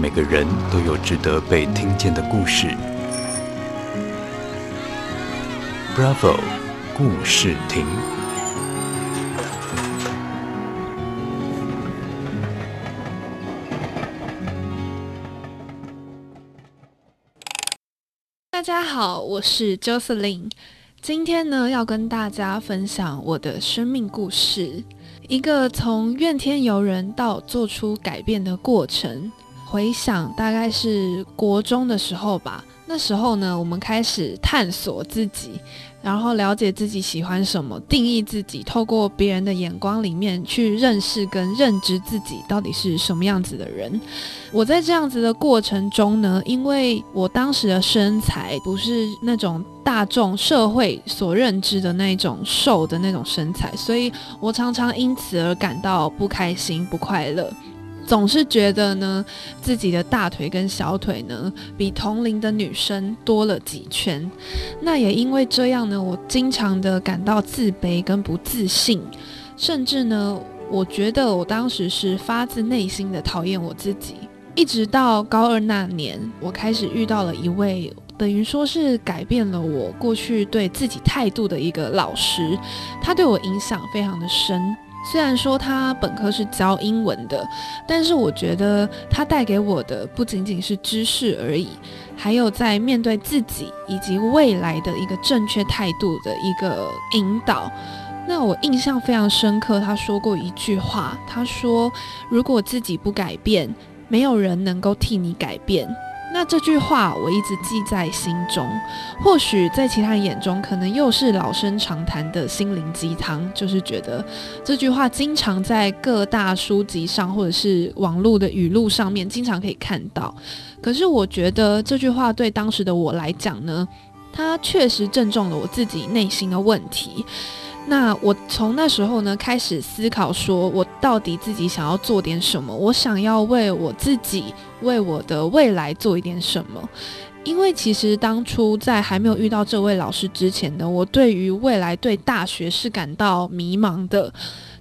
每個人都有值得被聽見的故事。Bravo，故事亭。大家好，我是 Joseline，今天呢要跟大家分享我的生命故事，一個從怨天尤人到做出改變的過程。回想大概是國中的時候吧，那時候呢，我們開始探索自己，然後了解自己喜歡什麼，定義自己，透過別人的眼光裡面去認識跟認知自己到底是什麼樣子的人。我在這樣子的過程中呢，因為我當時的身材不是那種大眾社會所認知的那種瘦的那種身材，所以我常常因此而感到不開心、不快樂。總是覺得呢，自己的大腿跟小腿呢，比同齡的女生多了幾圈。那也因為這樣呢，我經常的感到自卑跟不自信，甚至呢，我覺得我當時是發自內心的討厭我自己。一直到高二那年，我開始遇到了一位等於說是改變了我過去對自己態度的一個老師，他對我影響非常的深。雖然說他本科是教英文的，但是我覺得他帶給我的不僅僅是知識而已，還有在面對自己以及未來的一個正確態度的一個引導。那我印象非常深刻，他說過一句話，他說：“如果自己不改變，沒有人能夠替你改變。”那這句話我一直記在心中，或許在其他人眼中，可能又是老生常談的心靈雞湯，就是覺得這句話經常在各大書籍上或者是網絡的語錄上面經常可以看到。可是我覺得這句話對當時的我來講呢，它確實正中了我自己內心的問題。那我從那時候呢，開始思考說，我到底自己想要做點什麼？我想要為我自己、為我的未來做一點什麼？因為其實當初在還沒有遇到這位老師之前呢，我對於未來、對大學是感到迷茫的。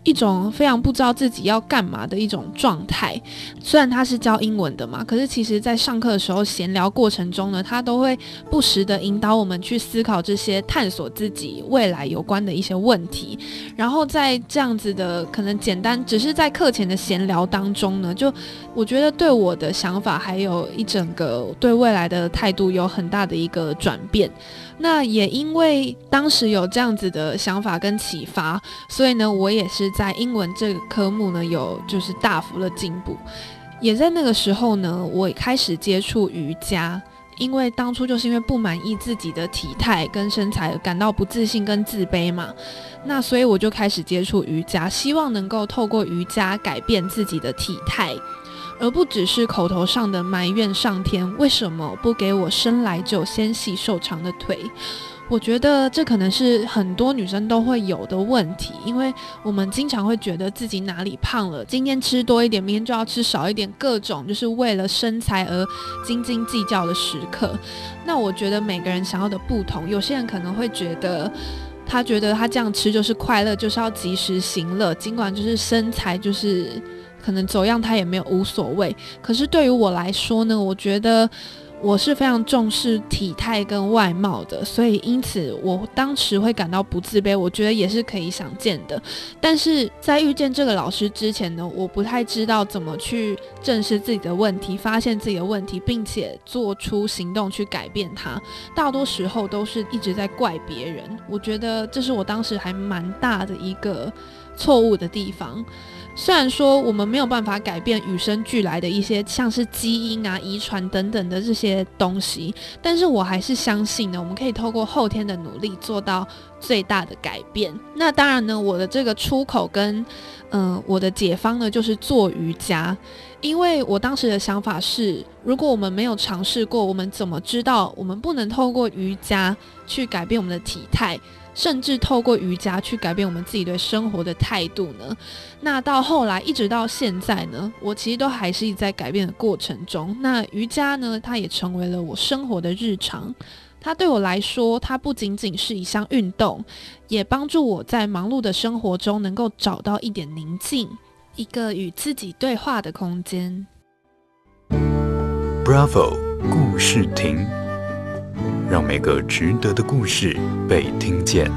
一種非常不知道自己要幹嘛的一種狀態。雖然他是教英文的嘛，可是其實，在上課的時候閒聊過程中呢，他都會不時的引導我們去思考這些探索自己未來有關的一些問題。然後在這樣子的可能簡單只是在課前的閒聊當中呢，就我覺得對我的想法還有一整個對未來的態度有很大的一個轉變。那也因為當時有這樣子的想法跟啟發，所以呢，我也是。在英文這個科目呢，有就是大幅的進步，也在那個時候呢，我也開始接觸瑜伽，因為當初就是因為不滿意自己的體態跟身材，感到不自信跟自卑嘛，那所以我就開始接觸瑜伽，希望能夠透過瑜伽改變自己的體態，而不只是口頭上的埋怨上天為什麼不給我生來就纖細瘦長的腿。我覺得這可能是很多女生都會有的問題，因為我們經常會覺得自己哪裡胖了，今天吃多一點，明天就要吃少一點，各種就是為了身材而斤斤計較的時刻。那我覺得每個人想要的不同，有些人可能會覺得，他覺得他這樣吃就是快樂，就是要及時行樂，儘管就是身材就是可能走樣，他也沒有無所謂。可是對於我來說呢，我覺得。我是非常重視體態跟外貌的，所以因此我當時會感到不自卑，我覺得也是可以想見的。但是在遇見這個老師之前呢，我不太知道怎麼去正視自己的問題，發現自己的問題，並且做出行動去改變它。大多時候都是一直在怪別人。我覺得這是我當時還蠻大的一個。錯誤的地方，雖然說我們沒有辦法改變與生俱來的一些，像是基因啊、遺傳等等的這些東西，但是我還是相信呢，我們可以透過後天的努力做到最大的改變。那當然呢，我的這個出口跟嗯、呃，我的解方呢，就是做瑜伽。因為我當時的想法是，如果我們沒有嘗試過，我們怎麼知道我們不能透過瑜伽去改變我們的體態？甚至透過瑜伽去改變我們自己對生活的態度呢？那到後來一直到現在呢，我其實都還是一直在改變的過程中。那瑜伽呢，它也成為了我生活的日常。它對我來說，它不僅僅是一項運動，也幫助我在忙碌的生活中能夠找到一點寧靜，一個與自己對話的空間。Bravo，故事亭。讓每個值得的故事被聽見。